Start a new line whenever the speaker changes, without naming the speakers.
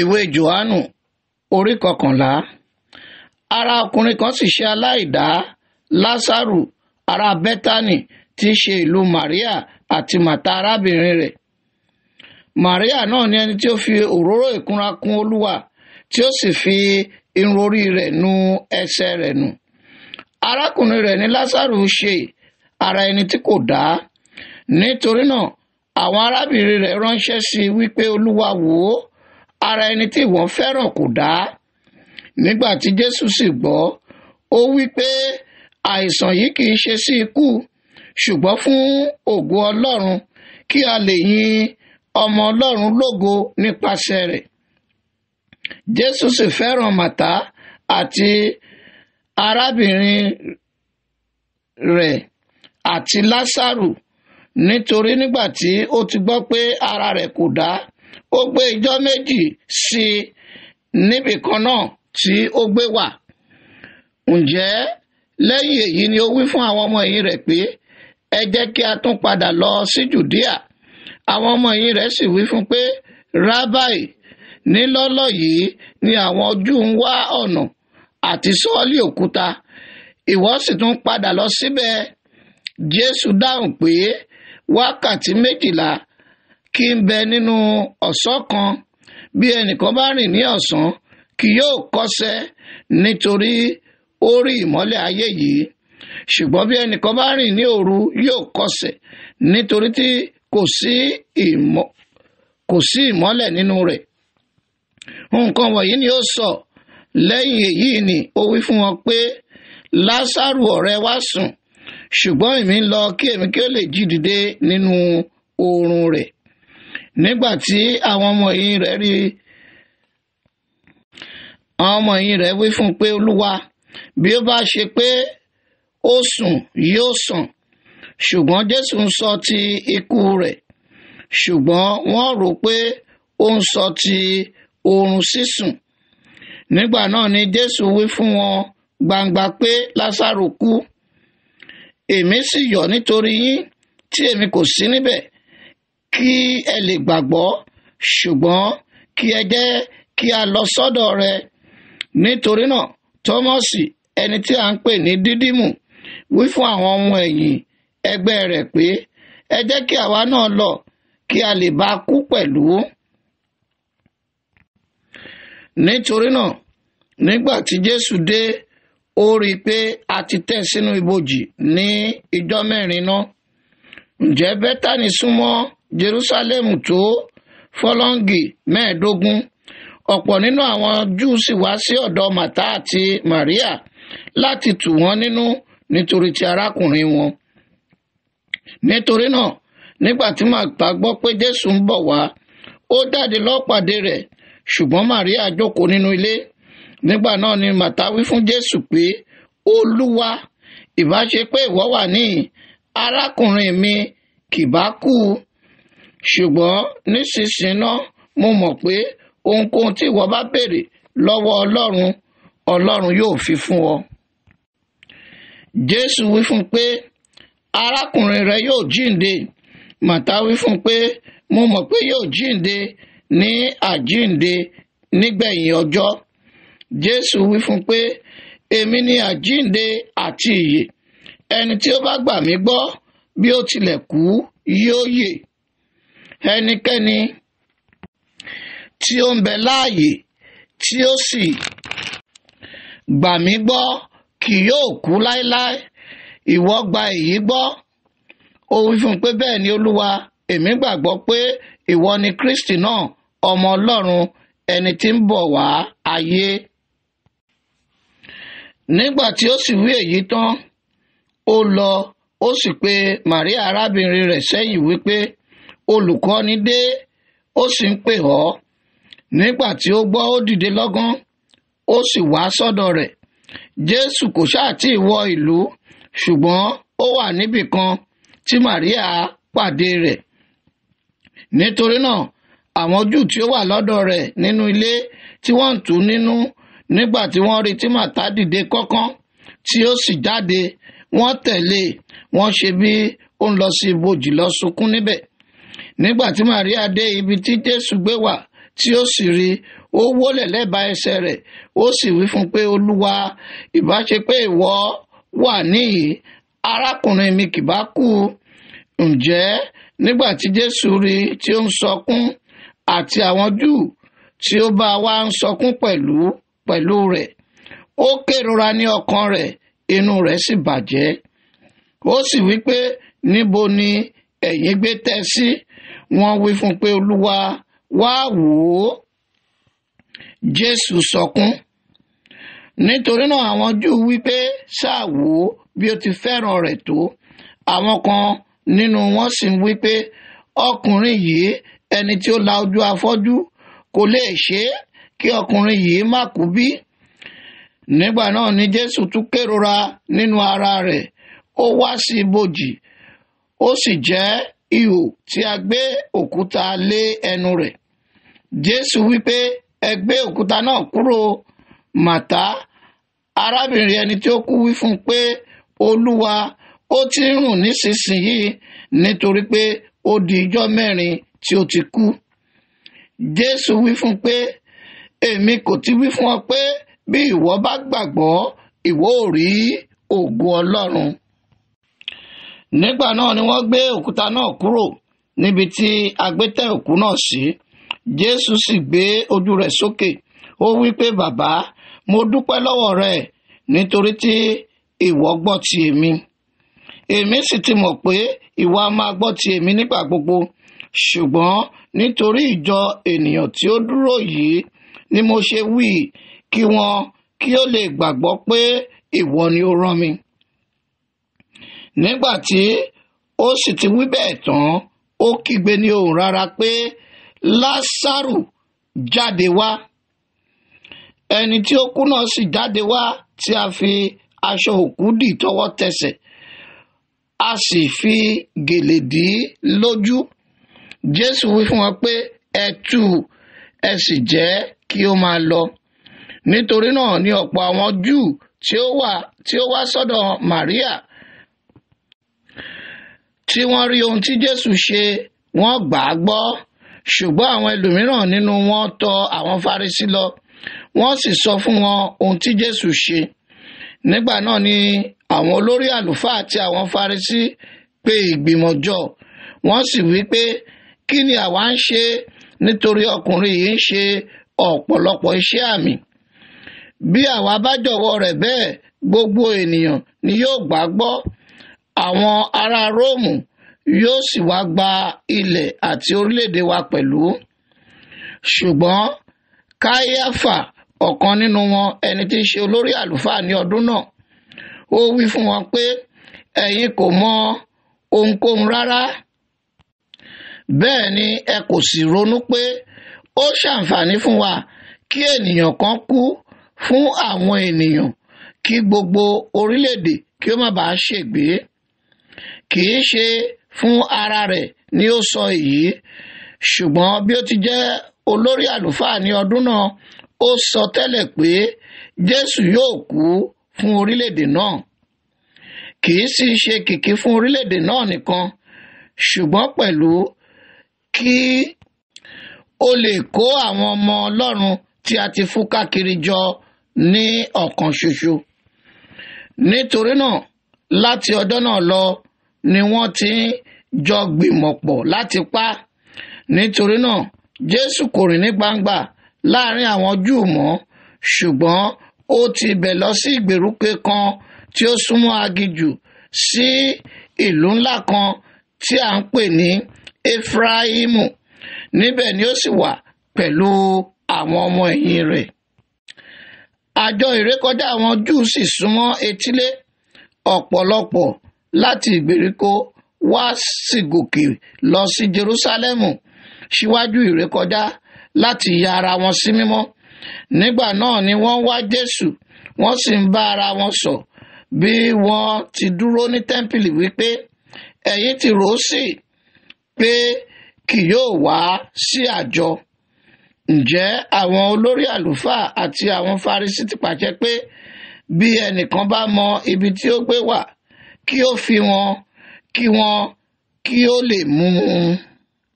ìwé johannu orí kọkànlá ara ọkùnrin kan sì ṣe aláìdá lásàrù ará bẹ́tánì tí í ṣe ìlú maria àti màtá arábìnrin rẹ̀ maria náà ni ẹni tí ó fi òróró ìkunra kún olúwa tí ó sì fi irun rẹ̀ nu ẹsẹ̀ rẹ̀ nù arákùnrin rẹ̀ ní lásàrù ṣe ara ẹni tí kò dá nítorí náà àwọn arábìnrin rẹ̀ ránṣẹ́ sí i wípé olúwa wò ó ara ẹni tí ìwọ fẹ́ràn kò dá nígbà tí Jésù sì gbọ́ ó wí pé àìsàn yìí kì í ṣe sí ikú ṣùgbọ́n fún ògo Ọlọ́run kí a lè yin ọmọ Ọlọ́run lógo nípasẹ̀ rẹ̀ Jésù sì fẹ́ràn Màtá àti arábìnrin rẹ̀ àti Lásàrù nítorí nígbà tí ó ti gbọ́ pé ara rẹ̀ kò dá ó gbé ijọ́ méjì sí i níbì kan náà tí ó gbé wà ǹjẹ́ lẹ́yìn èyí ni ó wí fún àwọn ọmọ ẹ̀yìn rẹ̀ pé ẹ jẹ́ kí a tún padà lọ sí Jùdíà àwọn ọmọ ẹ̀yìn rẹ̀ sì wí fún pé Rábàì nílọ́lọ́ yìí ni àwọn Júù ń wá ọ̀nà àti sọ́ọ́lì òkúta ìwọ sì tún padà lọ síbẹ̀ Jésù dáhùn pé wákàtí méjìlá kí ń bẹ nínú ọ̀sọ́ kan bí ẹnìkan bá rìn ní ọ̀sán kì yóò kọsẹ̀ nítorí ó rí ìmọ́lẹ̀ ayé yìí ṣùgbọ́n bí ẹnìkan bá rìn ní òru yóò kọsẹ̀ nítorí tí kò sí ìmọ́lẹ̀ nínú rẹ̀ nǹkan wọ̀nyí ni ó sọ lẹ́yìn èyí ni ó wí fún wọn pé lásàrù ọ̀rẹ́ wa sùn ṣùgbọ́n èmi ń lọ kí èmi kí ó lè jí dìde nínú oorun rẹ̀ nígbà tí àwọn ọmọ yìí rẹ̀ rí àwọn ọmọ yìí rẹ̀ wí fún un pé olúwa bí ó bá ṣe pé ó sùn yóò sàn ṣùgbọ́n jésù ń sọ ti ikú rẹ̀ ṣùgbọ́n wọ́n rò pé ó ń sọ ti oorun sísùn nígbà náà ni jésù wí fún wọn gbangba pé lásàrò kú èmi sì yọ̀ nítorí yín tí èmi kò sí níbẹ̀ kí ẹ lè gbàgbọ́ ṣùgbọ́n kí ẹ jẹ́ kí a lọ sọ́dọ̀ rẹ̀ nítorí náà tọ́mọ́sì ẹni tí a ń pè ní dídímù wí fún àwọn ọmọ ẹ̀yìn ẹgbẹ́ rẹ̀ pé ẹ jẹ́ kí àwa náà lọ kí a lè bá a kú pẹ̀lú. nítorí náà nígbà tí jésù dé ó rí i pé a ti tẹ̀ sínú ibojì ní ijọ́ mẹ́rin náà ǹjẹ́ bẹ́tánì súnmọ́ jerusalem tó fọlọ́ǹgì mẹ́ẹ̀ẹ́dógún ọ̀pọ̀ nínú àwọn júù sì wá sí ọ̀dọ̀ màtá àti maria láti tù wọ́n nínú nítorí ti arákùnrin wọn nítorí náà nígbà tí màtá gbọ́ pé jésù ń bọ̀ wá ó dàdé lọ́pàdé rẹ̀ ṣùgbọ́n maria jókòó nínú ilé nígbà náà ni màtá wí fún jésù pé olúwa ìbá ṣe pé ìwọ wà níhìn arákùnrin mi kì bá kú ṣùgbọ́n nísinsìnyí náà mo mọ̀ pé ohunkóhun tí ìwọ bá béèrè lọ́wọ́ ọlọ́run ọlọ́run yóò fi fún ọ. jésù wí fún un pé arákùnrin rẹ yóò jíǹde màtá wí fún un pé mo mọ̀ pé yóò jíǹde ní àjíǹde nígbẹ̀yìn ọjọ́ jésù wí fún pé èmi ni àjíǹde àti ìyè ẹni tí ó bá gbà mí gbọ́ bí ó tilẹ̀ kú yóò yè ẹnikẹ́ni tí ó ń bẹ láàyè tí ó sì gbà mí gbọ́ kì yóò kú láéláé ìwọ gba èyí gbọ́ ó wí fún pé bẹ́ẹ̀ ni olúwa èmi gbàgbọ́ pé ìwọ ni kristi náà ọmọ ọlọ́run ẹni tí ń bọ̀ wá ayé nígbà tí ó sì wí èyí tán ó lọ ó sì pe Màríà arábìnrin rẹ̀ sẹ́yìn wípé olùkọ́ni dé ó sì ń pè ọ́ nígbà tí ó gbọ́ ó dìde lọ́gán ó sì wá sọ́dọ̀ rẹ̀ jésù kò ṣáà tí ì wọ ìlú ṣùgbọ́n ó wà níbì kan tí màríà pàdé rẹ̀ nítorí náà àwọn júù tí ó wà lọ́dọ̀ rẹ̀ nínú ilé tí wọ́n ń tù nínú nígbà tí wọ́n rí tí màtá dìde kọ́kán tí ó sì jáde wọ́n tẹ̀lé e. wọ́n ṣe bí ó ń lọ sí ibojì lọ sunkún níbẹ̀ nígbà tí Màríà dé ibi tí Jésù gbé wà tí ó sì rí ó wólẹ̀ lẹ́bàá ẹsẹ̀ rẹ̀ ó sì wí fún un pé olúwa ìbá ṣe pé ìwọ wà níhìn arákùnrin mi kì bá kú ǹjẹ́ nígbà tí Jésù rí tí ó ń sọkún àti àwọn Júù tí ó bá wá ń sọkún pẹ̀lú pẹ̀lú rẹ̀ ó kérora ní ọkàn rẹ̀ inú rẹ̀ sì bàjẹ́ ó sì wí pé níbo ni ẹ̀yin gbé tẹ́ sí wọ́n wí fún un pé olúwa wá wò ó jésù sọkún nítorí náà àwọn júù wí pé ṣáà wò ó bí ó ti fẹ́ràn rẹ̀ tó àwọn kan nínú wọn sì ń wí ọkùnrin yìí ẹni tí ó la ojú afọ́jú kò lè ṣe é kí ọkùnrin yìí má kú bí nígbà náà ni jésù tún kérora nínú ara rẹ̀ ó wá sí ibojì ó sì jẹ́ ihò tí a gbé òkúta lé ẹnu rẹ̀ jésù wípé ẹ gbé òkúta náà kúrò màtá arábìnrin ẹni tí ó kú wí fún pé olúwa ó ti ń rùn nísinsìnyí nítorí pé ó di ijọ́ mẹ́rin tí ó ti kú jésù wí fún pé èmi kò ti wí fún ọ pé bí ìwọ bá gbàgbọ́ ìwọ ò rí ògo ọlọ́run nígbà náà ni wọ́n gbé òkúta náà kúrò níbi tí agbétẹ̀ òkú náà sí jésù sì gbé ojú rẹ̀ sókè ó wí pé bàbá mo dúpẹ́ lọ́wọ́ rẹ nítorí tí ìwọ gbọ́ ti èmi èmi sì ti mọ̀ pé ìwọ a máa gbọ́ ti èmi nígbà gbogbo ṣùgbọ́n nítorí ìjọ ènìyàn tí ó dúró yìí ni mo ṣe wí kí wọn kí ó lè gbàgbọ́ pé ìwọ ni ó rán mi nígbà tí ó sì ti wí bẹ́ẹ̀ tán ó kígbe ní ohùn rárá pé lásàrù jáde wá ẹni tí ó kú náà sì jáde wá tí a fi aṣọ òkú dì tọwọ́ tẹsẹ̀ a sì fi gèlè dì í lójú jésù wí fún wọn pé ẹ ẹ sì jẹ́ kí ó máa lọ nítorí náà ni ọ̀pọ̀ àwọn júù tí ó wá sọ́dọ̀ maria tí wọ́n rí ohun tí Jésù ṣe wọ́n gbà á gbọ́ ṣùgbọ́n àwọn ẹlòmíràn nínú wọn tọ àwọn Farisí lọ wọ́n sì sọ fún wọn ohun tí Jésù ṣe nígbà náà ni àwọn olórí àlùfáà àti àwọn Farisí pé ìgbìmọ̀ jọ wọ́n sì wí pé kí ni àwa ń ṣe nítorí ọkùnrin yìí ń ṣe ọ̀pọ̀lọpọ̀ iṣẹ́ àmì bí àwa bá jọ̀wọ́ rẹ̀ bẹ́ẹ̀ gbogbo ènìyàn ni yóò gbàgbọ́ Àwọn ará Róòmù yóò sì wá gba ilẹ̀ àti orílẹ̀-èdè wa pẹ̀lú. Ṣùgbọ́n Káyáfà ọ̀kan nínú wọn ẹni tí í ṣe olórí àlùfáà ní ọdún náà ó wí fún wọn pé ẹ̀yin kò mọ ohunkóhun rárá bẹ́ẹ̀ ni ẹ kò sì ronú pé ó ṣàǹfààní fún wa kí ènìyàn kan kú fún àwọn ènìyàn kí gbogbo orílẹ̀-èdè kí ó má bàa ṣègbé kì í ṣe fún ara rẹ̀ ni ó sọ èyí ṣùgbọ́n bí ó ti jẹ́ olórí àlùfáà ní ọdún náà ó sọ tẹ́lẹ̀ pé Jésù yóò kú fún orílẹ̀-èdè náà kì í sì ṣe kìkì fún orílẹ̀-èdè náà nìkan ṣùgbọ́n pẹ̀lú kí ó lè kó àwọn ọmọ Ọlọ́run tí a ti fúká kiri jọ ní ọ̀kan ṣoṣo nítorí náà láti ọjọ́ náà lọ ni wọ́n ti ń jọ gbìmọ̀pọ̀ láti pa nítorí náà jésù kò rìn ní gbangba láàrin àwọn júù mọ́ ṣùgbọ́n ó ti bẹ̀ lọ sí ìgbèríko kan tí ó súnmọ́ aginjù sí ìlú ńlá kan tí à ń pè ní efraimu níbẹ̀ ni ó sì wà pẹ̀lú àwọn ọmọ ẹ̀yìn rẹ̀ àjọ ìrékọjá àwọn júù sì súnmọ́ etílé ọ̀pọ̀lọpọ̀ láti ìgbèríko wá sì gòkè lọ sí Jerúsálẹ́mù síwájú ìrékọjá láti ya ara wọn sí mímọ́ nígbà náà ni wọ́n wá Jésù wọ́n sì ń bá ara wọn sọ bí wọ́n ti dúró ní tẹ́ḿpìlì wípé ẹ̀yin ti rò ó sì pé kì yóò wá sí àjọ ǹjẹ́ àwọn olórí àlùfáà àti àwọn Farisí ti pàṣẹ pé bí ẹnìkan bá mọ ibi tí ó gbé wà kí ó fi wọn kí wọn kí ó lè mú un